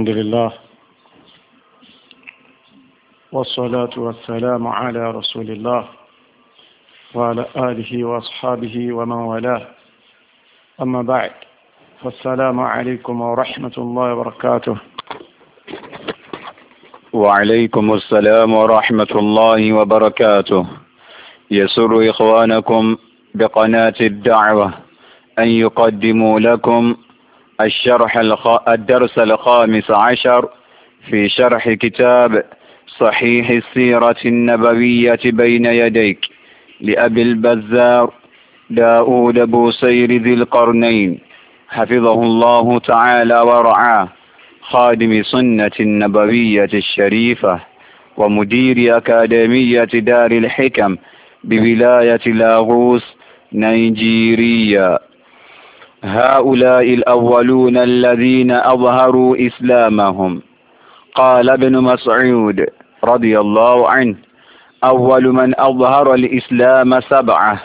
الحمد لله والصلاة والسلام على رسول الله وعلى آله وأصحابه ومن والاه أما بعد فالسلام عليكم ورحمة الله وبركاته وعليكم السلام ورحمة الله وبركاته يسر إخوانكم بقناة الدعوة أن يقدموا لكم الشرح الخ... الدرس الخامس عشر في شرح كتاب صحيح السيرة النبوية بين يديك لأبي البزار داود بوسير ذي القرنين حفظه الله تعالى ورعاه خادم سنة النبوية الشريفة ومدير أكاديمية دار الحكم بولاية لاغوس نيجيريا هؤلاء الأولون الذين أظهروا إسلامهم قال ابن مسعود رضي الله عنه أول من أظهر الإسلام سبعة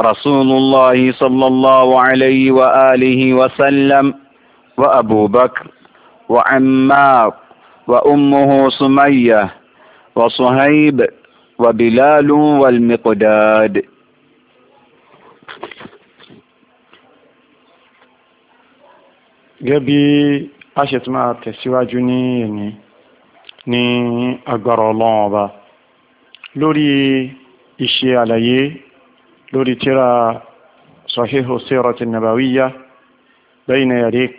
رسول الله صلى الله عليه وآله وسلم وأبو بكر وعمار وأمه سمية وصهيب وبلال والمقداد gẹ́gẹ́ bí a ṣe tún máa tẹ̀síwájú ní ẹ̀ní ní agbára ọlọ́run ọba lórí ìṣe àlàyé lórí tíra sahihu sirati nabawiyya bayna yadik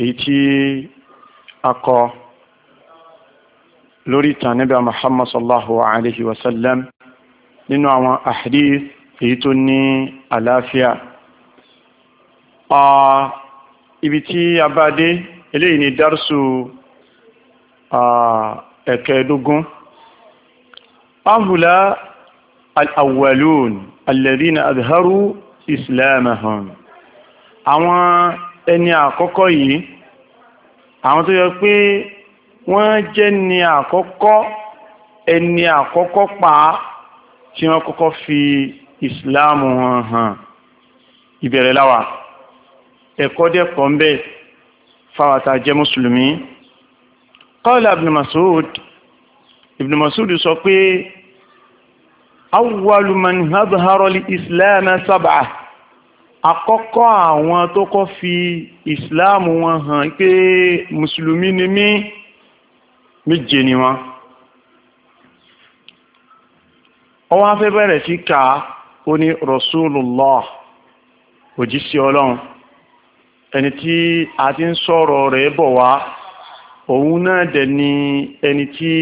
èyí tí a kọ lórí ìtàn Ànábì Muhammad sallallahu alayhi wa nínú àwọn ahadith èyí tó ní àlàáfíà ibi tí a bá dé eléyìí ni dárúsù ẹ̀kẹ́ẹ̀dógún ahùlá al-awwalun alladhina adharu islamahum àwọn ẹni àkọ́kọ́ yìí àwọn tó yẹ pé wọ́n jẹ́ ni àkọ́kọ́ ẹni àkọ́kọ́ pa tí wọ́n kọ́kọ́ fi ìsìláàmù hàn ìbẹ̀rẹ̀ láwàá ẹ̀kọ́ dẹ̀ pọ̀ ń bẹ fáwata jẹ́ mùsùlùmí qala ibn Mas'ud ibn Mas'ud sọ pé awwalu man hadhara islam sab'a àkọ́kọ́ àwọn tó kọ́ fi islam wọn hàn pé mùsùlùmí ni mí méje ni wọn ọwọ́n afẹ́ sí ká ó ní rasulullah òjíṣẹ́ ọlọ́run ẹni tí a ti ń sọ̀rọ̀ rẹ̀ bọ̀ wá òun náà dẹ̀ ni ẹni tí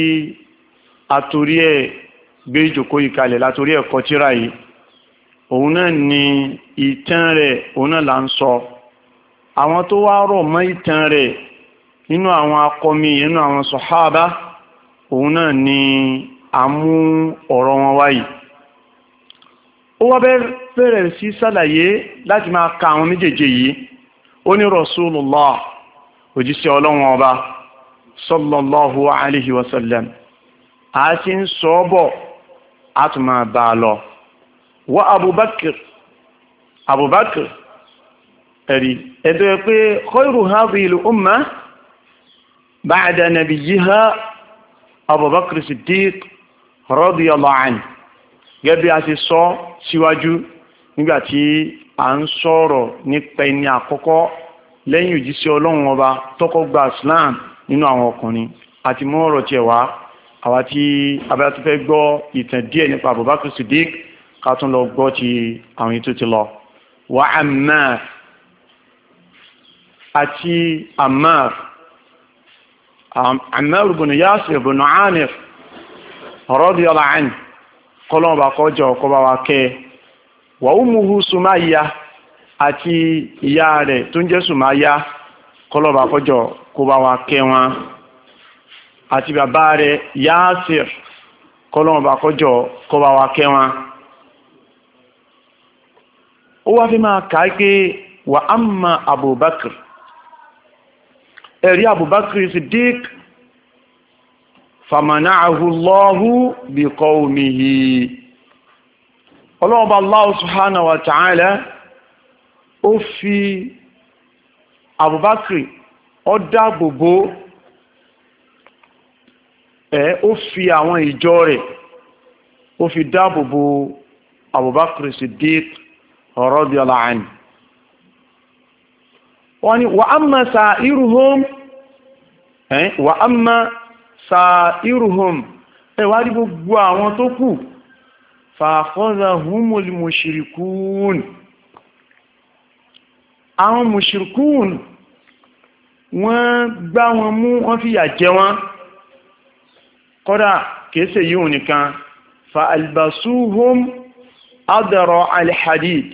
a torí ẹ̀ gbé ìjòkó ìkalẹ̀ látorí ẹ̀kọ́ tíra yìí òun náà ni ìtàn rẹ̀ òun náà là ń sọ àwọn tó wá rọ̀ mọ́ ìtàn rẹ̀ nínú àwọn akọmi nínú àwọn sọ̀háàbá òun náà ni a mú ọ̀rọ̀ wọn wáyìí ó wá bẹ̀rẹ̀ sí sàlàyé láti máa ka àwọn méjèèjì yìí ó ní rasulullah òjíṣẹ́ ọlọ́run ọba sallallahu alayhi wa sallam a ti ń sọ bọ̀ a tún máa bá a lọ wa abubakar abubakar ẹ̀rí ẹ̀dọ́ ẹ̀ pé khayru hadhihi al-umma ba'da nabiyyiha abubakar siddiq radiyallahu anhu gẹ́gẹ́ bí a ti à ń sọ̀rọ̀ nípa ẹni àkọ́kọ́ lẹ́yìn òjíṣẹ́ ọlọ́run ọba tọ́kọ́ gba islam nínú àwọn ọkùnrin àti mú ọ̀rọ̀ tiẹ̀ wá àwa tí abẹ́rẹ́ tó fẹ́ gbọ́ ìtàn díẹ̀ nípa Abubakar Siddiq ká tún lọ gbọ́ ti àwọn ètò ti lọ. wà á Ammar àti Ammar Ammar ibn Yasir ibn Amir radiyallahu anhu kọ́lọ́mọba kọjọ kọ́ba wa kẹ́ wa umuhu sumaya àti ìyá rẹ̀ tó ń jẹ́ sumaya kọlọ́ba kọjọ kó bá wa kẹ́ wọn àti bàbá rẹ̀ yaasir kọlọ́ba kọjọ kó bá wa kẹ́ wọn. ó wá fi máa kà á pé wa amma abubakar ẹ̀rí abubakar siddiq famanaahu Allahu biqawmihi. ọlọ́ọ̀bá Allah subhanahu wa ta'ala ó fi Abubakar ó dáàbòbò ẹ̀ ó fi àwọn ìjọ rẹ̀ ó fi dáàbòbò Abubakar Siddiq radiyallahu anhu wọ́n ni wa amma sa'iruhum wa amma sa'iruhum ẹ̀wà rí gbogbo àwọn tó kù fàfọ́zàhúmùl mùṣìrìkún àwọn mùṣìrìkún wọ́n gbá wọn mú wọ́n fìyà jẹ wọ́n kọ́dà kèése yíò nìkan fa albasuhum adara alhadid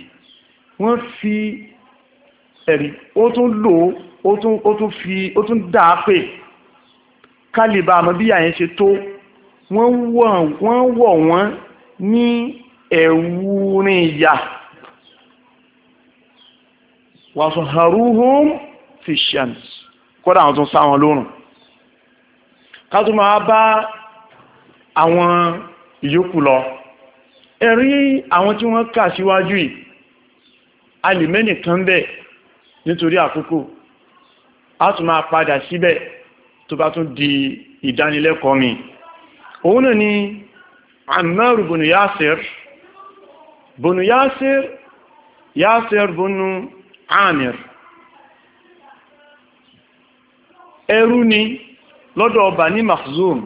wọ́n fi ẹ̀rí ó tún lò ó tún fi ó bí àyẹ́ ṣe tó wọ́n wọ̀ wọ́n ní ẹ̀wù ní ìyà wàsùn haruhun fishans kọ́dá àwọn tún sáwọn lórùn kátó máa bá àwọn ìyókù lọ ẹ̀rí àwọn tí wọ́n kà síwájú yìí alìmẹ́nì kan bẹ̀ nítorí àkókò a tún máa padà síbẹ̀ tó bá tún di ìdánilẹ́kọ̀ọ́ mi òun náà ni Ammar bin Yasir bunu Yasir Yasir bunu Amir ẹrú ni lọ́dọ̀ ọba ní Makhzum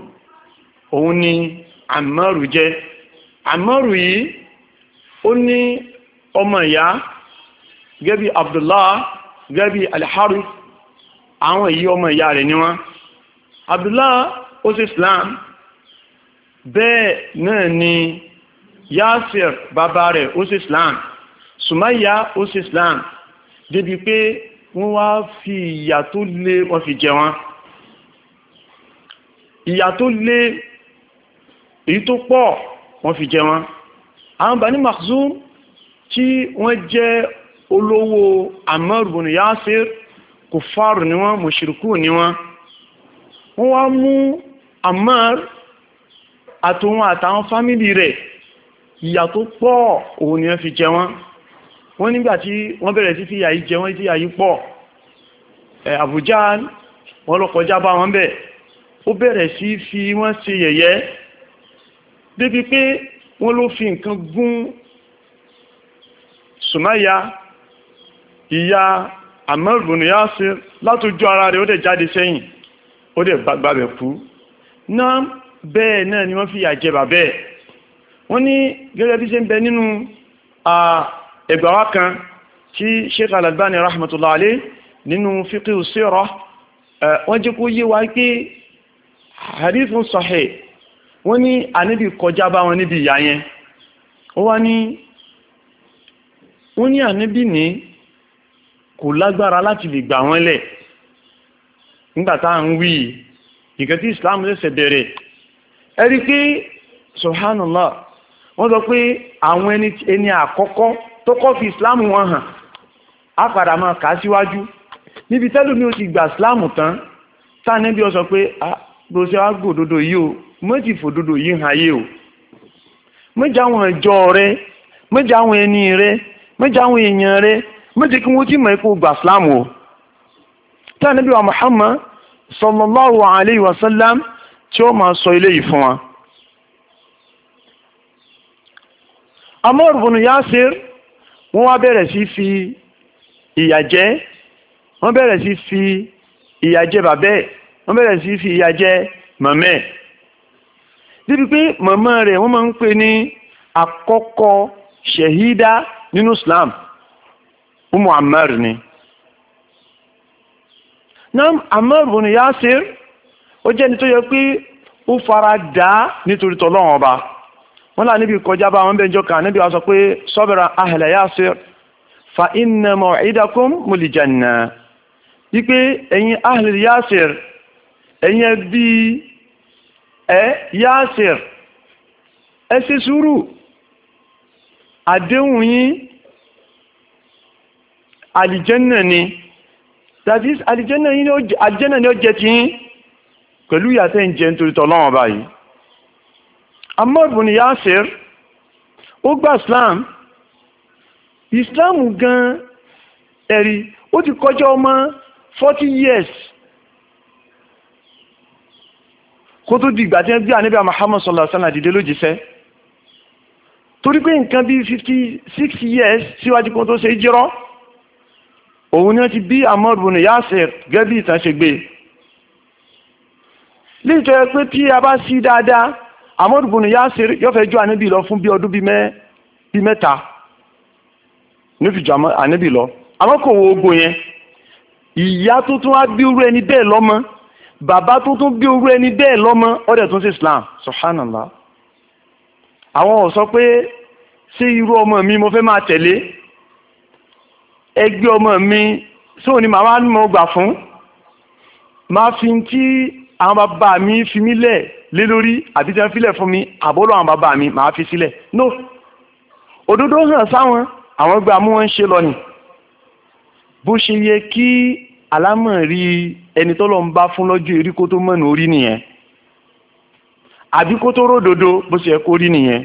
òun ni Ammar jẹ́ Ammar yìí ó ní ọmọ ìyá gẹ́bí Abdullah gẹ́bí Al-Harith àwọn èyí ọmọ ìyá rẹ̀ ni wọ́n Abdullah ó sí Islam bẹ́ẹ̀ náà ni Yasir bàbá rẹ̀ ó sí Islam sumaya ó sí Islam débi pé wọ́n wá fi ìyà tó lé wọ́n fi jẹ wọn ìyà tó lé èyí tó pọ̀ wọ́n fi jẹ wọn àwọn Bani Makhzum tí wọ́n jẹ́ olówó Ammar Yasir kò fáàrù ni wọ́n mùṣírikù ni wọ́n wọ́n wá mú Ammar àtòun àtàwọn fámílì rẹ̀ ìyà tó pọ̀ òun ni wọ́n fi jẹ wọ́n wọ́n nígbà tí wọ́n bẹ̀rẹ̀ sí fi yàyí jẹ wọ́n tí yàyí pọ̀ àbújá wọ́n lọ kọjá bá wọn bẹ̀ ó bẹ̀rẹ̀ sí fi wọ́n ṣe yẹ̀yẹ́ débi pé wọ́n ló fi nǹkan gún sùmáyà ìyá àmọ́rùn-ún yá sí látòjú ara rẹ̀ ó dẹ̀ jáde sẹ́yìn ó dẹ̀ gbàgbà bẹ̀ kú náà bẹ́ẹ̀ náà ni wọ́n fi yà jẹ bàbá ẹ̀ wọ́n ní gẹ́gẹ́ bí ṣe ń bẹ nínú ẹgbàwá kan tí Sheikh Al-Albani rahmatullahi alayhi nínú fiqh sirah wọ́n jẹ́ kó yé wa pé hadithun sahih wọ́n ní àníbì kọjá bá wọn níbi ìyá yẹn wọ́n ní wọ́n ní kò lágbára láti lè gbà wọ́n lẹ̀ nígbàtá ń wí ìkẹ́ Islam lẹ́sẹ̀ bẹ̀rẹ̀ ẹ̀rí pé subhanallah wọ́n sọ pé àwọn ẹni àkọ́kọ́ tó fi islam wọn hàn A padà máa kà á síwájú níbi tẹ́lù mi ò ti gbà islam tán sáà níbi ọ sọ pé bó ṣe yìí o méjì fòdodo yìí hàn yìí o méjì àwọn ìjọ rẹ méjì àwọn ẹni rẹ méjì àwọn èèyàn rẹ méjì kí wọ́n ti mọ̀ ẹ́kọ́ gbà o níbi wa muhammad alayhi wa sallam tí ó máa sọ ilé yìí fún wa. Amor bunu Yasir wọ́n wá bẹ̀rẹ̀ sí fi ìyà jẹ wọ́n bẹ̀rẹ̀ sí fi ìyà jẹ bàbẹ́ wọ́n bẹ̀rẹ̀ sí fi ìyà jẹ mọ̀mẹ́ níbi pé mọ̀mọ́ rẹ̀ wọ́n máa ń pè ní àkọ́kọ́ ṣẹ̀hídá nínú Islam Umu Ammar ni. Nam Ammar bunu Yasir ó jẹ́ ni tó yẹ pé ó fara dà á nítorí tọ́lọ́run ọba wọ́n là níbi kọjá bá wọn bẹ́ẹ̀ jọ kàn níbi wọn sọ pé sọ́bìrà ahla yasir fa inna maw'idakum mul janna wípé ẹ̀yin ahla yasir ẹ̀yin ẹbí ẹ̀ yasir ẹ ṣe sùúrù àdéhùn yín àlìjẹ́nà ni that is àlìjẹ́nà ni ó jẹ́ tí pẹ̀lú ìyàtẹ́ ń jẹ nítorí tọ́lọ́wọ́n báyìí Ammar ibn Yasir ó gba Islam Islam gan ẹ̀rí ó ti kọjá ọmọ 40 years kó tó di ìgbà tí wọ́n gbé ànábì Muhammad sallallahu alaihi wasallam dìde lójíṣẹ́ torí pé nǹkan bí 56 years síwájú kan tó ṣe jírọ́ òun ni wọ́n ti bí Ammar ibn Yasir gẹ́bí ìtàn ṣe gbé e nítorí ẹ pé tí a bá sí dáadáa Amadu bunu Yasir yọfẹ ju anabi lọ fún bí ọdún bí mẹ́ta ní fi ju anabi lọ àmọ́ kò wo ogun yẹn ìyá tuntun á bí irú ẹni bẹ́ẹ̀ lọ́mọ bàbá tuntun bí irú ẹni bẹ́ẹ̀ lọ́mọ ọ̀dẹ̀ tún sí Islam subhanallah àwọn ò pé ṣé irú ọmọ mi mo fẹ́ máa tẹ̀lé ẹgbẹ́ ọmọ mi sóò ni màá wá ní mo gbà fún máa fi ti àwọn bàbá mi fi mí lẹ̀ lé lórí àbí tí wọ́n filẹ̀ fún mi àbólọ́ àwọn bàbá mi màá fi sílẹ̀ no òdodo hàn sáwọn àwọn gbà mú wọn ṣe lọ ni bó ṣe yẹ kí alámọ̀rí ẹni tọ́lọ́ ń bá fún lọ́jọ́ erí kó tó mọ̀nà orí nìyẹn àbí kó tó ródodo bó ṣe yẹ kó rí nìyẹn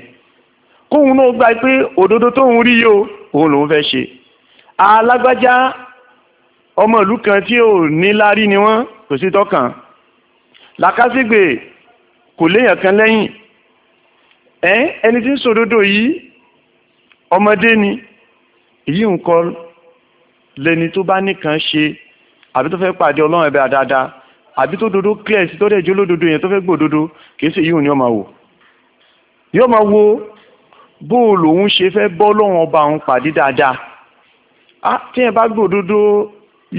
kóhun náà gba pé òdodo tóun rí yìí òun lòun fẹ́ ṣe alágbájá ọmọ ìlú kan tí ò ní lárí ni wọ́n kò sí tọ́kàn làkàsígbè kò léèyàn kan lẹ́yìn ẹ́n ẹni tí ń sòdodo yìí ọmọdé ni èyí nǹkan lẹni tó bá nìkan ṣe àbí tó fẹ́ pàdé ọlọ́run ẹ̀bẹ̀ àdáadáa àbí tó dodo clear sí tó dẹ̀ jó lódodo yẹn tó fẹ́ gbòdodo kìí sì yíò ni ó máa wò yóò máa wo bó lòun ṣe fẹ́ bọ́ lọ́wọ́n ọba òun pàdé dáadáa á ah, tí yẹn bá gbòdodo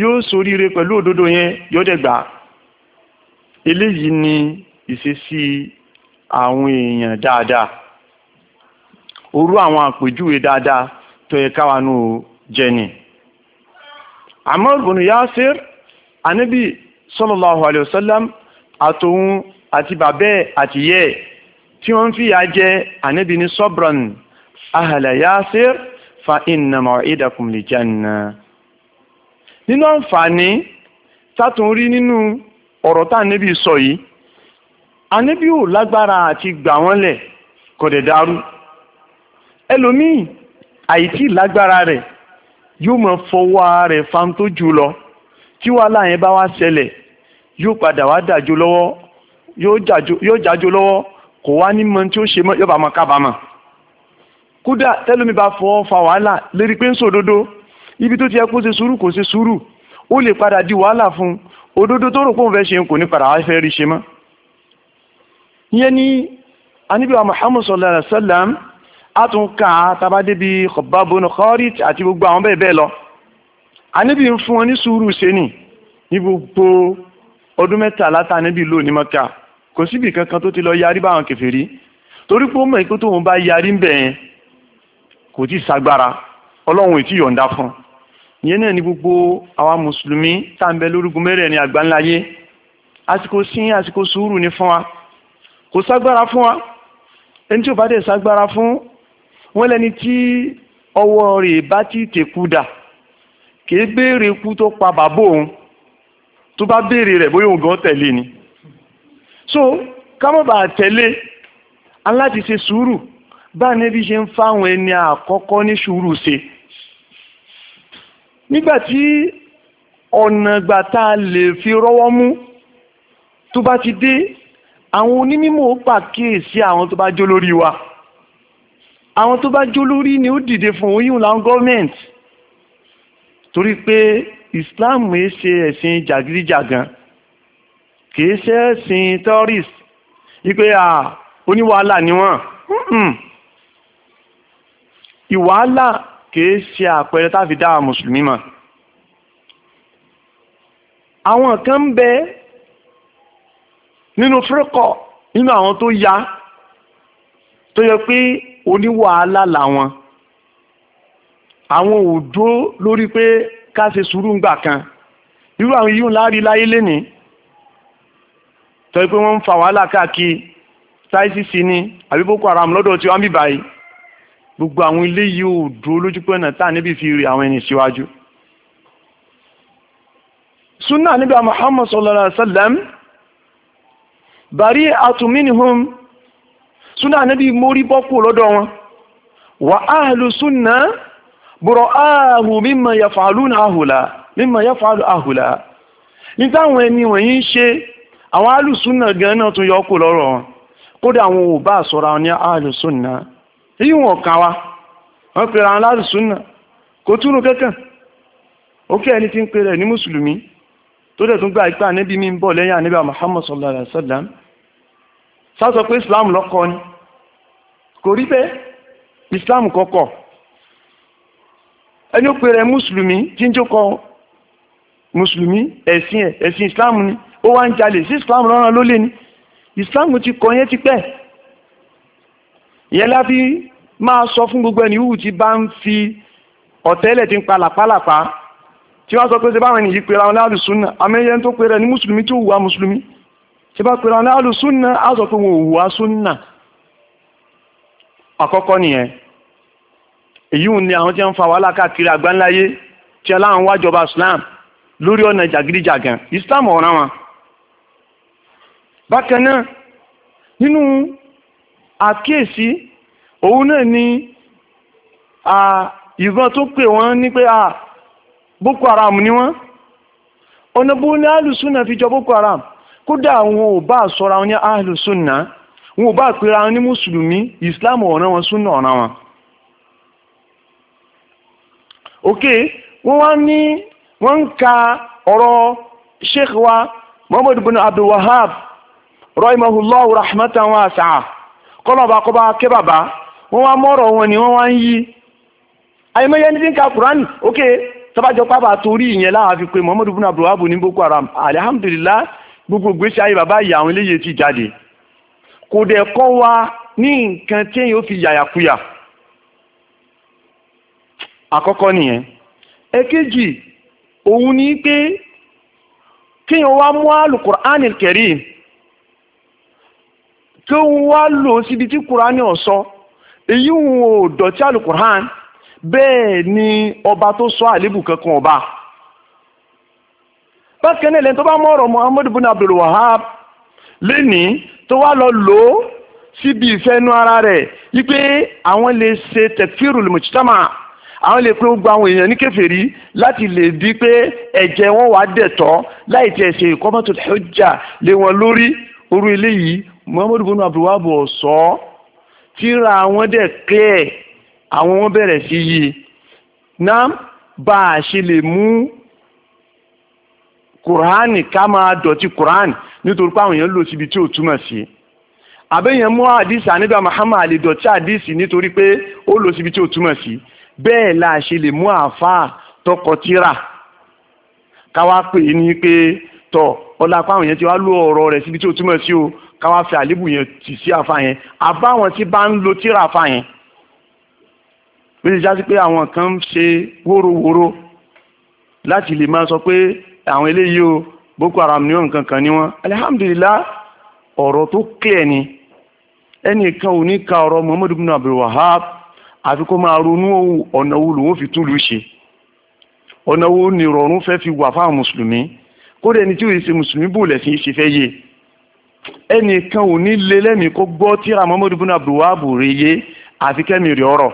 yóò ṣoríire pẹ̀lú òdodo yẹn yóò dẹ̀ gbà eléyìí ni ìṣesí àwọn èèyàn dáadáa orú àwọn àpèjúwe dáadáa tó yẹ káwa nù jẹ ni Amr ibn Yasir anábì sallallahu alayhi wa sallam àtòun àti bàbẹ́ àti yẹ́ tí wọ́n fi yà jẹ́ ànábì ní sọ́bran ahàlà yásír fa inna maw'idakum li janna nínú àǹfààní tátùn rí nínú ọ̀rọ̀ tá ànábì sọ yìí ànábì ò lágbára àti gbà wọ́n lẹ̀ kò dẹ̀ dàrú ẹlòmíì àìtí lágbára rẹ̀ yóò mọ̀ fọwọ́ ara rẹ̀ fam tó jù lọ tí wàhálà yẹn bá wá ṣẹlẹ̀ yóò padà wá dàjò lọ́wọ́ yóò jájò lọ́wọ́ kò wá ní mọ tí ó ṣe mọ́ yóò bá mọ kábàámọ̀ kódà tẹ́lómi bá fọwọ́ fa wàhálà lérí pé ń sòdodo ibi tó ti yẹ kó ṣe sùúrù kò ṣe sùúrù ó lè padà di wàhálà fún un òdodo tó rò pòun fẹ́ ṣe kò ní padà wá fẹ́ rí ṣe mọ́ ìyẹn ni aníbíwá Muhammad sallallahu alaihi wasallam a tún kà á tabadé bíi Khabbabun Kharit àti gbogbo àwọn bẹ́ẹ̀ bẹ́ẹ̀ lọ aníbí ń fún wọn ní sùúrù sẹ́ni ní gbogbo ọdún mẹ́tàlá tá aníbí lò ní Mọ́kà kò síbi kankan tó ti lọ yarí báwọn kèfèrí torí pé ó mọ̀ ikú tóun bá yarí ń bẹ̀ yẹn kò tí sagbára ọlọ́run ì yẹn náà ni gbogbo àwa mùsùlùmí tá à ń bẹ lórúkú mẹ́rẹ̀ ní àgbáńláyé àsìkò sí àsìkò sùúrù ni fún wa kò ságbára fún wa ẹni tí ò bá dẹ̀ ságbára fún wọn lẹni tí ọwọ́ rẹ̀ bá ti tèkú dà kìí béèrè ikú tó pa bàbá òun tó bá béèrè rẹ̀ bóyá òun gan tẹ̀lé ni so kámọ́bà tẹ̀lé aláti ṣe sùúrù bá nẹ́bí ṣe ń fáwọn ẹni àkọ́kọ́ ní sùúrù ṣe nígbàtí ọ̀nà gbà tá a lè fi rọ́wọ́ mú tó bá ti dé àwọn onímọ̀ pàkíyèsí àwọn tó bá jó lórí wa àwọn tó bá jó lórí ni ó dìde fún oyún làwọn gọ́ọ̀mẹ̀ntì torí pé Islam kìí ṣe ẹ̀sìn jàgídíjàgan kìí ṣe ẹ̀sìn terrorist wípé oníwàhálà ni wọ́n ìwàhálà kìí ṣe àpẹẹrẹ táfi dá àwọn mùsùlùmí mọ̀ àwọn kan ń bẹ nínú fúrúkọ nínú àwọn tó ya tó yẹ pé oníwàhálà làwọn àwọn ò dúró lórí pé ká ṣe sùúrù ńgbà kan irú àwọn yìí ń lárí láyé lénìí tó pé wọ́n ń fa wàhálà káàkiri táìsì sí ni àbí boko haram lọ́dọ̀ tí wọ́n ń bì báyìí gbogbo àwọn ilé yìí ò dúró lójú pé ọ̀nà táà níbi fi rí àwọn ẹni síwájú súnà níbi Muhammad sallallahu alaihi wasallam bari atuminihum súnà níbi mórí bọ́kù lọ́dọ̀ wọn wà áhàlù súnà bùrọ̀ áhù mímọ̀ yàfàálù àhùlà mímọ̀ yàfàálù àhùlà ní táwọn ẹni wọ̀nyí ń ṣe àwọn alùsúnà gan náà tún yọ lọ́rọ̀ wọn kódà àwọn ò bá sọ́ra ní alùsúnà èyí wọn kàn wá wọ́n pèrè àwọn láti súnà kò túnú kẹ́kàn ó kẹ́ ẹni tí ń pèrè ní mùsùlùmí tó dẹ̀ tún gba ìpá níbi mi ń bọ̀ lẹ́yìn àníbà Muhammad sallallahu alaihi wasallam sásọ pé Islam lọ́kọ ni kò rí bẹ́ẹ̀ Islam kọ́kọ́ ẹni ó pèrè mùsùlùmí tí ń jókòó mùsùlùmí ẹ̀sìn ẹ̀ ẹ̀sìn Islam ni ó wá ń jalè sí Islam lọ́ràn lólè ni Islam ti kọ yẹn ti pẹ́ẹ́ ìyẹn láfi máa sọ fún gbogbo ẹni wù tí bá ń fi ọ̀tẹ́lẹ̀ tí ń pa làpálàpá tí wọ́n sọ pé ṣe báwọn ènìyàn pera wọn ní àlùsùnà amẹ́yẹ tó pera ní mùsùlùmí tí ó wùwá mùsùlùmí ṣe bá pera wọn ní àlùsùnà á sọ pé wọn ò wùwá àkọ́kọ́ nìyẹn èyí ń àwọn tí ń fa wàhálà káàkiri àgbáńláyé tí aláwọn wájọba Islam lórí ọ̀nà jàgídíjàgàn Islam ọ̀ràn wọn bákan náà nínú àkíyèsí òun náà ni ìbọn tó pè wọ́n ní pé boko haram ni wọ́n ọ̀nà ní alùsùnà fi jọ boko haram kódà àwọn ò sọ́ra wọn ní alùsùnà wọn ò bá wọn ní mùsùlùmí islam ọ̀ràn wọn súnà ọ̀ràn wọn ok wọ́n wá ní ka ọ̀rọ̀ sheikh wa muhammad bin abdul wahab rahimahullah rahmatan wa kọ́lọ́ba kọ́ba ké bàbá wọ́n wá mọ́rọ̀ wọn ni wọ́n wá ń yí àyèmọ́yẹ ní ti ń ka kùránì ókè tọ́bájọ́ pápá torí ìyẹn láwọn fi pé Muhammadu bin Abdul Wahab ní Boko Haram alihamdulilah gbogbo gbèsè ayé bàbá ìyá àwọn eléyìí ti jáde kò dẹ̀ kọ́ wa ní nǹkan tí èèyàn fi yàyàkuyà àkọ́kọ́ nìyẹn èkejì òun ni pé kéèyàn wá mú Al-Qur'an kí òun wá lò ó síbi tí kúránì ọ̀sọ́ èyí òun ò dọ̀tí àlùkùrán bẹ́ẹ̀ ni ọba tó sọ àlébù kankan ọba bákan náà lẹ́yìn tó bá mọ̀ ọ̀rọ̀ Muhammad bin Abdul Wahab lẹ́nìí tó wá lọ lò ó síbi ìfẹ́nu ara rẹ̀ wípé àwọn lè ṣe tẹ̀fírù lùmùtítàmà àwọn lè pé ó àwọn èèyàn ní kèfèrí láti lè di pé ẹ̀jẹ̀ wọn wà dẹ̀tọ́ láì tiẹ̀ ṣe ìkọ́mọ́tò hujja lé wọn lórí orú eléyìí muhammadu bin abdulwahab ọ̀sọ́ tíra àwọn dẹ̀ clear àwọn wọn bẹ̀rẹ̀ sí yí náà bá a ṣe lè mú kùránì ká máa dọ̀tí kùránì nítorí pé àwọn èèyàn lò síbi tí ò túmọ̀ sí àbẹ́yẹn mú àdìsí àníbà muhammad lè dọ̀tí àdìsí nítorí pé ó lò síbi tí ò túmọ̀ sí bẹ́ẹ̀ la ṣe lè mú àáfàá tọkọtìrà káwá pè é ní pé tọ ọlá pa àwọn ti wá lò ọ̀rọ̀ rẹ̀ síbi tí ò túmọ̀ sí o káwá fi àlébù yẹn tì sí àfa yẹn àbáwọn tí bá ń lo tíra àfa yẹn bí ti jásí pé àwọn kan ń ṣe wóróworó láti lè máa sọ pé àwọn eléyìí o boko haram ni wọn nǹkan kan ni wọn alihamudulilá ọ̀rọ̀ tó clear ni ẹnìkan ò ní ka ọ̀rọ̀ muhammadu bin abdul wahab àfi kó máa ronú ọ̀nà wo lòun fi túlù ṣe ọ̀nà wo ni ìrọ̀rùn fẹ́ fi wà fáwọn mùsùlùmí kódà ẹni tí ò ṣe mùsùlùmí bò lẹ́sìn ṣe fẹ́ yé ẹnìkan ò ní lé lẹ́mìí kó gbọ́ tíra Muhammadu bin Abdulwahab rẹ̀ yé àfi kẹ́mi rẹ̀ ọ̀rọ̀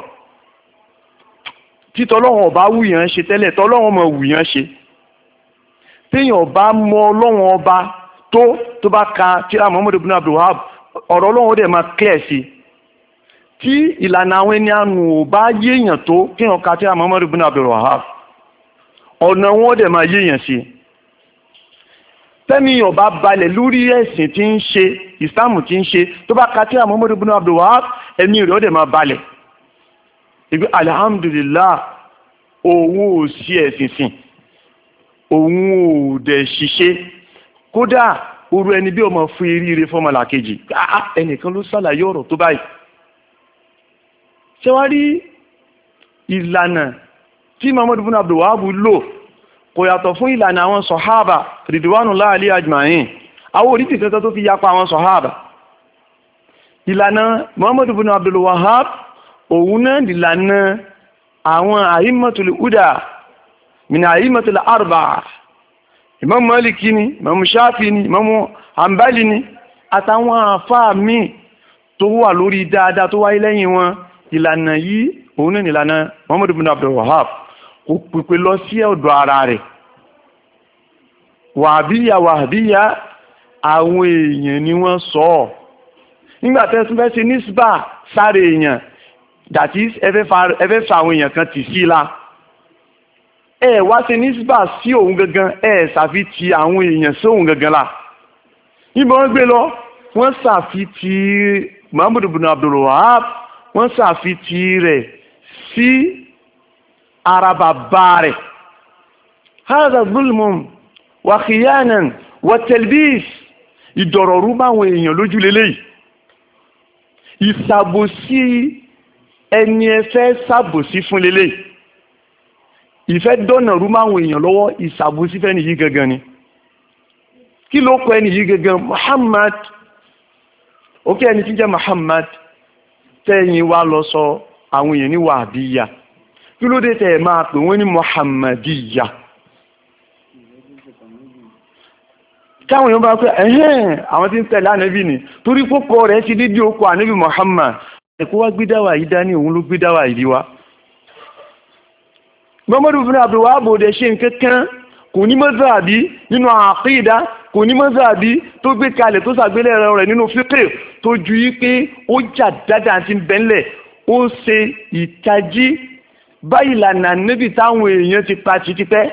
tí tọ́lọ́wọ́n ọba wùyàn ṣe tẹ́lẹ̀ tọ́lọ́wọ́n ọmọ wùyàn ṣe téèyàn ọba mọ ọlọ́wọ́n ọba tó tó bá ka tíra Muhammadu bin Abdulwahab ọ̀rọ̀ ọlọ́wọ́n dẹ̀ máa clear sí tí ìlànà àwọn ẹni àánú ò bá yéèyàn tó kéèyàn ka tíra Muhammadu bin Abdulwahab ọ̀nà wọn dẹ̀ máa yéèyàn sí tẹ́niyàn bá balẹ̀ lórí ẹ̀sìn tí ń ṣe ìsìláàmù tí ń ṣe tó bá ka tí Muhammad ibn Abdul Wahab ẹni rẹ̀ ó dẹ̀ máa balẹ̀ ibi alhamdulillah òun ò sí ẹ̀sìn sìn òun ò dẹ̀ ṣiṣẹ́ kódà oru ẹni bí ọmọ fún eríire fọmọlà kejì ẹnìkan ló ṣàlàyé ọ̀rọ̀ tó báyìí ṣé wàá rí ìlànà tí Muhammad ibn Abdul lò kò yàtọ̀ fún ìlànà àwọn sọ̀háàbà ridwanullahi alayhi ajma'in àwọn oríṣìí kẹta tó fi yapa àwọn sọ̀háàbà ìlànà muhammadu bin abdul wahab òun náà ìlànà àwọn àyímọ̀tòlù uda mina àyímọ̀tòlù arba imam maliki ni imam shafi ni imam hanbali ni àtàwọn àfáà míì tó wà lórí dáadáa tó wáyé lẹ́yìn wọn ìlànà yìí òun náà ìlànà muhammadu bin abdul wahab kò pèpè lọ sí ọ̀dọ̀ ara rẹ̀ wàhábíyà wàhábíyà àwọn èèyàn ni wọ́n sọ ọ́ nígbà tẹ́ tún fẹ́ ṣe nísbà sáré èèyàn dàtí ẹ fẹ́ fa àwọn èèyàn kan tì sí la ẹ wá ṣe nísbà sí òun gangan ẹ ṣàfi àwọn èèyàn sí òun gangan la níbo wọ́n gbé lọ wọ́n ṣàfi ti bin Abdul Wahab wọ́n ṣàfi ti sí. Si, ara bàbá rẹ̀ hádà zulmùn wà kìyànàn wà tẹ̀lbís ìdọ̀rọ̀rú báwọn èèyàn lójú lélẹ́yìí ìsàbòsí ẹni ẹ fẹ́ sàbòsí fún lélẹ́yìí ìfẹ́ dọ̀nàrú báwọn èèyàn lọ́wọ́ ìsàbòsí fẹ́ nìyí gangan ni kí ló kọ ẹni yìí gangan Muhammad ó kí ẹni tí jẹ́ Muhammad tẹ́yìn wá lọ sọ àwọn èèyàn ní wàhábíyà kí ló dé tẹ̀ ẹ̀ máa pè wọ́n ní muhammadiya táwọn èèyàn bá pẹ́ ẹ̀hẹ́n àwọn tí ń tẹ̀lé ànábì ni torí kókó rẹ̀ ti dídí okò ànábì muhammad ẹ̀kọ́ wá gbídáwà yìí dání òun ló gbídáwà yìí wá mọ́mọ́dún fún àbúrò àbòdè ṣe nǹkankan kò ní mọ́sàbí nínú àkídà kò ní mọ́sàbí tó gbé kalẹ̀ tó ṣàgbélẹ̀rọ rẹ̀ nínú fíkẹ́ tó ju yí pé ó jà dáadáa ti bẹ́ńlẹ̀ ó ṣe ìtají báyìí lànà níbi táwọn èèyàn ti pa tipẹ́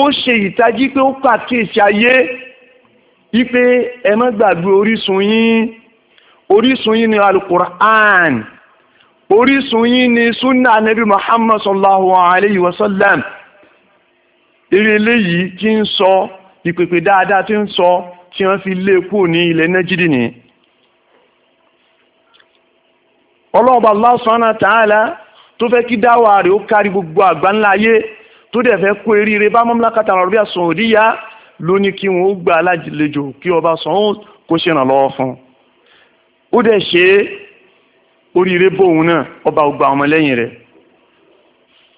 ó ṣe ìtají pé ó pàkíyèsí ayé wípé ẹ má gbàgbé orísun yín orísun yín ni alukur'an orísun yín ni sunna anabi muhammad sallallahu alayhi wa sallam eré eléyìí tí ń sọ ìpèpè dáadáa tí ń sọ tí wọ́n fi lé e kúrò ní ilẹ̀ nàìjíríà nìyẹn ọlọ́ọ̀bà Allah subhanahu wa ta'ala tó fẹ́ kí dáwà rẹ̀ ó kárí gbogbo àgbáńlá ayé tó dẹ̀ fẹ́ kó eríire bá mamlakata Arabia Saudiya ló ní kí wọn ó gba alájìlejò kí ọba sàn kó ṣe ìrànlọ́wọ́ fún ó dẹ̀ ṣe oríire bóun náà ọba ògbà ọmọlẹ́yìn rẹ̀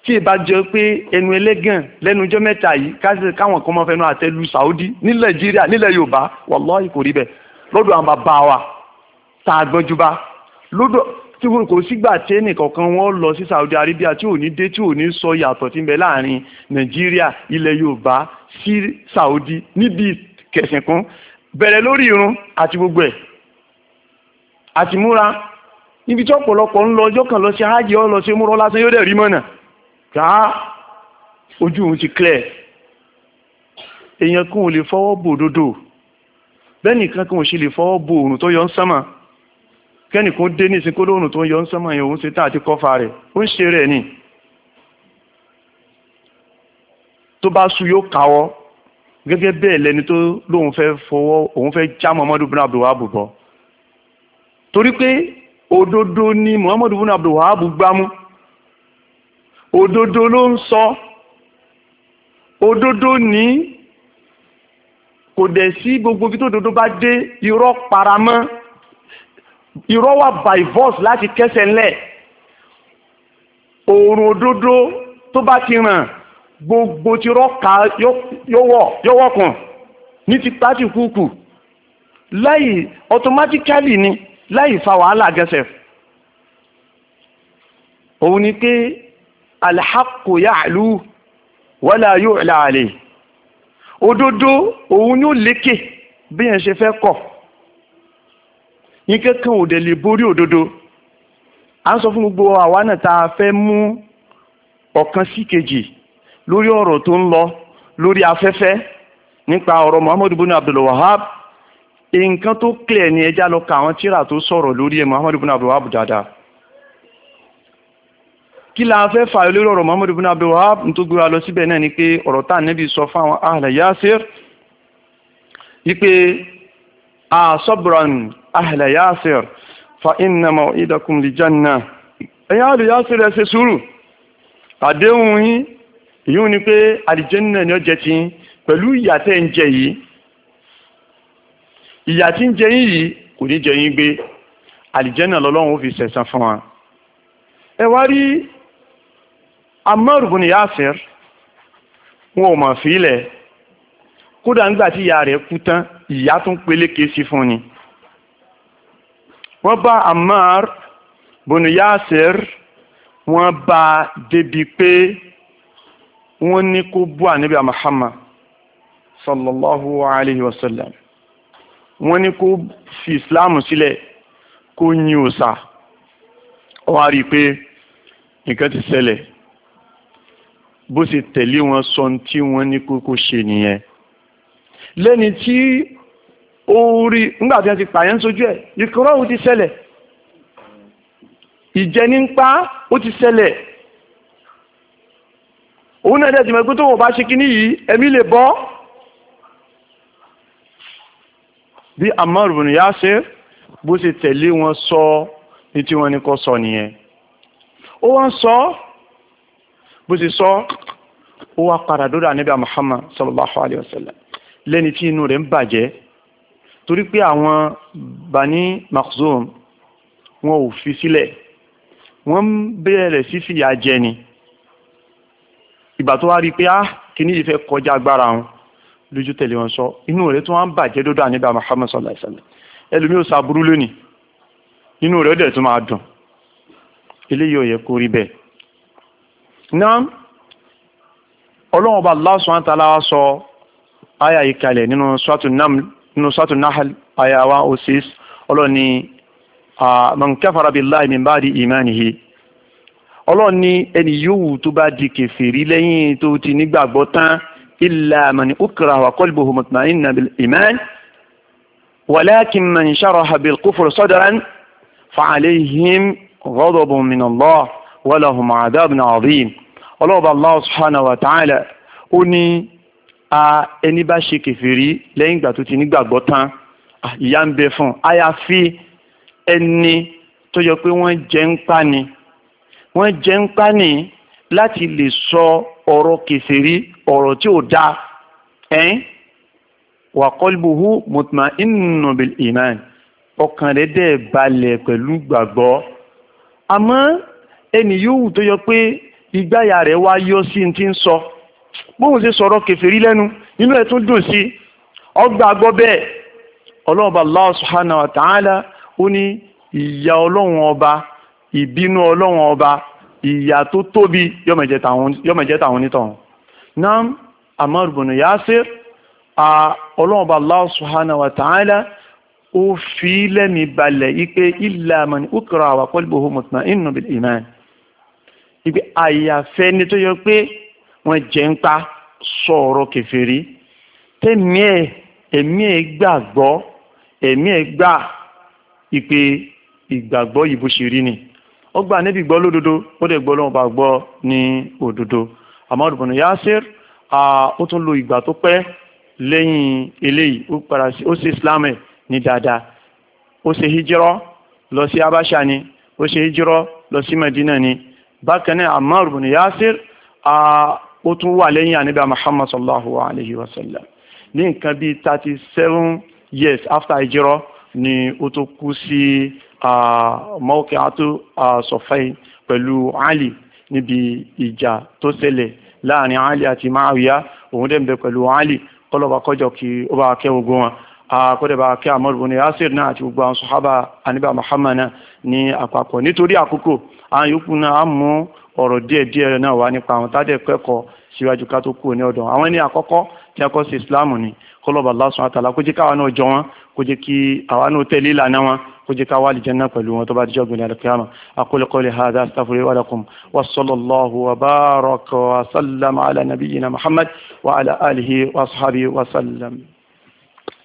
tí ìbá jẹ́ pé ẹnu ẹlẹ́gàn lẹ́nu ọjọ́ mẹ́ta yìí káwọn kan máa fẹnu àtẹ́lu Saudi ní Nàìjíríà nílẹ̀ Yorùbá wàláhì kò rí bẹ́ẹ̀ lọ́dọ̀ àwọn bàbá wa tá a gbọ́njú bá lọ́dọ̀ tí wọn kò sígbà tí ẹnìkọ̀ọ̀kan wọn lọ sí Saudi Arabia tí ò ní dé tí ò ní sọ yàtọ̀ tí ń bẹ láàrin Nàìjíríà ilẹ̀ Yorùbá sí Saudi níbi kẹsàn kan bẹ̀rẹ̀ lórí irun àti gbogbo ẹ̀ àti múra níbi tí ọ̀pọ̀lọpọ̀ ń lọ ọjọ́ kan lọ sí hajj ọ lọ sí múra lásán yóò dẹ̀ rí mọ́nà ká ojú òun ti clear èèyàn kan ò lè fọwọ́ bò òdodo bẹ́ẹ̀ nìkan kan ò sì lè fọwọ́ bò òrùn tó yọ ń sánmà kẹ́nì kó dé nísìn kó lóòrùn tó ń yọ ń sánmọ̀ yẹn òun ṣe tá àti kọ́fà rẹ̀ ó ń ṣe rẹ̀ ni tó bá su yóò káwọ́ gẹ́gẹ́ bẹ́ẹ̀ lẹni tó lóun fẹ́ fọwọ́ òun fẹ́ já muhammadu bin abdul wahab bọ̀ torí pé òdodo ni muhammadu bin abdul wahab gbámú òdodo ló ń sọ òdodo ní kò dẹ̀ sí gbogbo bí tó dodo bá dé irọ́ paramọ́ irọ́ wà by force láti kẹ́sẹ̀ ńlẹ̀ òòrùn òdodo tó bá ti ràn gbogbo ti rọ́ka yọwọ́ kan ní ti pàtì kúkù láì automatically ni láì fa wàhálà gẹ́sẹ̀ òun ni pé alhaqqu ya'lu wala yu'la alayh òdodo òun yóò lékè bí yẹn ṣe fẹ́ kọ̀ nǹkan kan ò dẹ̀ lè borí òdodo à ń sọ fún gbogbo àwa náà tá a fẹ́ mú ọ̀kan sí kejì lórí ọ̀rọ̀ tó ń lọ lórí afẹ́fẹ́ nípa ọ̀rọ̀ muhammadu bin abdul wahab nǹkan tó clear ni ẹja lọ ka àwọn tíra tó sọ̀rọ̀ lórí ẹ̀ muhammadu bin abdul wahab dáadáa kí la fẹ́ fà lórí ọ̀rọ̀ muhammadu bin abdul wahab tó gbéra lọ síbẹ̀ náà ni pé ọ̀rọ̀ tá nẹ́bí sọ fáwọn ahlẹ̀ yasir wípé asọ́bùrán أهل ياسر فإن موعدكم لجنة ẹ̀yin àlù yásù rẹ̀ ṣe sùúrù àdéhùn yín yíò ni pé àlìjẹ́nà ni ó jẹ ti yín pẹ̀lú ìyà tẹ́ ń jẹ yìí ìyà tí ń jẹ yín yìí kò ní jẹ yín gbé àlìjẹ́nà fi sẹ̀san fún wa ẹ wá rí ibn Yasir wọn ò mọ̀ fílẹ̀ kódà nígbà tí ìyá rẹ̀ kú tán ìyá tún peléke sí fún ni wọ́n bá Ammar bunu Yasir wọ́n bá débi pé wọ́n ní kó bú ànábì Muhammad sallallahu alayhi wa sallam wọ́n ní kó fi Islam sílẹ̀ kó yín òòsà wọ́n á rí i pé nǹkan ti ṣẹlẹ̀ bó ṣe tẹ̀lé wọn sọ tí wọ́n ní kókó ṣe nìyẹn lẹ́ni tí ó rí nígbà tí wọ́n ti pààyàn sójú ẹ̀ ìkọ́rọ̀ ó ti ṣẹlẹ̀ ìjẹnipa ó ti ṣẹlẹ̀ òun náà dẹ̀ ti mọ̀ pé tó wọ́n bá ṣe kíní yìí ẹ̀mí lè bọ́ bí Ammar ibn Yasir bó ṣe tẹ̀lé wọn sọ ní tí wọ́n ní kọ́ sọ nìyẹn ó wá ń sọ bó ṣe sọ ó wá padà dódà Ànábì Muhammad sallallahu alayhi wa sallam lẹ́ni tí inú rẹ̀ ń bàjẹ́ torí pé àwọn Bani Makhzum wọn ò fi sílẹ̀ wọ́n bẹ̀rẹ̀ sí fìyà jẹ ni ìgbà tó wá rí pé ah kìíní yìí fẹ́ kọjá agbára wọn lójú tẹ̀lé wọn sọ inú rẹ̀ tó wá ń bàjẹ́ dọ́dọ̀ àníbà Muhammad sallallahu alaihi wasallam ẹlòmí ò sàbúrú lónìí inú rẹ̀ ó dẹ̀ tún máa dùn eléyìí ò yẹ kó rí bẹ́ẹ̀ náà ọlọ́run ọba Allah subhanahu sọ áyà yìí kalẹ̀ nínú Suratu nínú sọ́tún nahal ayawa osis oh ọlọ́ni man kafara billahi min ba'di imanihi ọlọ́ni ẹni yòówù tó bá di kèfèrí lẹ́yìn tó ti nígbàgbọ́ tán illa man ukra wa qalbuhu mutma'inna bil iman walakin man sharaha bil kufri sadran fa'alayhim ghadabun min Allah wa lahum adhabun adhim ọlọ́ọ̀bà Allah subhanahu wa ta'ala ó ní ẹni bá ṣe kèfèrí lẹ́yìn ìgbà tó ti nígbàgbọ́ tán ìyà ń bẹ fún àyàfi ẹni tó yọ pé wọ́n jẹ́ ń pa ni wọ́n jẹ́ ń pa ni láti lè sọ ọ̀rọ̀ kèfèrí ọ̀rọ̀ tí ò dáa ẹ̀yìn wa qalbuhu mutma'innu bil iman ọkàn rẹ̀ dẹ̀ balẹ̀ pẹ̀lú gbàgbọ́ àmọ́ ẹni yòówù tó yọ pé ìgbáyà rẹ̀ wá yọ sí ti ń sọ. So bóun ṣe sọ̀rọ̀ kèfèrí lẹ́nu nínú ẹ̀ tún dùn sí ọgbà gbọ́ bẹ́ẹ̀ ọlọ́run bá Allah subhanahu wa ta'ala ó ní ìyà ọlọ́run ọba ìbínú ọlọ́run ọba ìyà tó tóbi yọmọ̀jẹ́ tàwọn onítọ̀hún nam amar bunu yasir ọlọ́run bá Allah subhanahu wa ta'ala ó fi lẹ́mi balẹ̀ ipe illa man ukra wa qalbuhu mutma'innun bil iman ipe àyàfẹ́ ni tó yẹ wọ́n jẹ́ ń pa sọ̀rọ̀ kẹfẹ́rí tẹ̀mí ẹ̀ ẹ̀mí ẹ̀ gbàgbọ́ ẹ̀mí ẹ̀ gbà ìpè ìgbàgbọ́ yìí bó ṣe rí ni ó gbà níbi gbọ́ lódodo ó dẹ̀ gbọ́ lọ́wọ́ bá gbọ́ ní òdodo Amadu bùnú Yasir ó tún lo ìgbà tó pẹ́ lẹ́yìn eléyìí ó ṣe Islam ẹ̀ ní dáadáa ó ṣe hijirọ́ lọ sí Abasha ni ó ṣe hijirọ́ lọ sí Medina ni bákan náà Amadu bùnú Yasir ó tún wà lẹ́yìn àníbà muhammad sallallahu alayhi wa sallam ní nǹkan bíi thirty seven years after ìjírọ́ ni ó tó kú sí mọ́kàtú sọ̀fẹ́yìn pẹ̀lú ali níbi ìjà tó ṣẹlẹ̀ láàrin ali àti Muawiya òun dẹ̀ ń bẹ pẹ̀lú ali kọlọ́ba kọjọ kí ó bá kẹ́ ogun wọn akọ́dẹ̀bà kí Amr ibn Yasir náà àti gbogbo àwọn sọ̀hábà àníbà muhammad náà ní àpapọ̀ nítorí àkókò àwọn yòókù náà á mú ọ̀rọ̀ díẹ̀ díẹ̀ náà wá nípa àwọn tádẹ̀ kẹ́kọ̀ọ́ síwájú ká tó kúrò ní ọ̀dọ̀ àwọn ẹni àkọ́kọ́ tí a kọ́ sí ìsìláàmù ni kọlọ́ba Allah subhanahu wa ta'ala kó jẹ́ káwa náà jọ wọn kó jẹ́ kí àwa náà tẹ̀lé ìlànà wọn kó jẹ́ káwa lè jẹ́nà pẹ̀lú wọn tó bá dijọ́ gbìyànjú al-qiyamah aqulu qawli hadha astaghfirullahi wa lakum wa sallallahu wa baraka wa sallama ala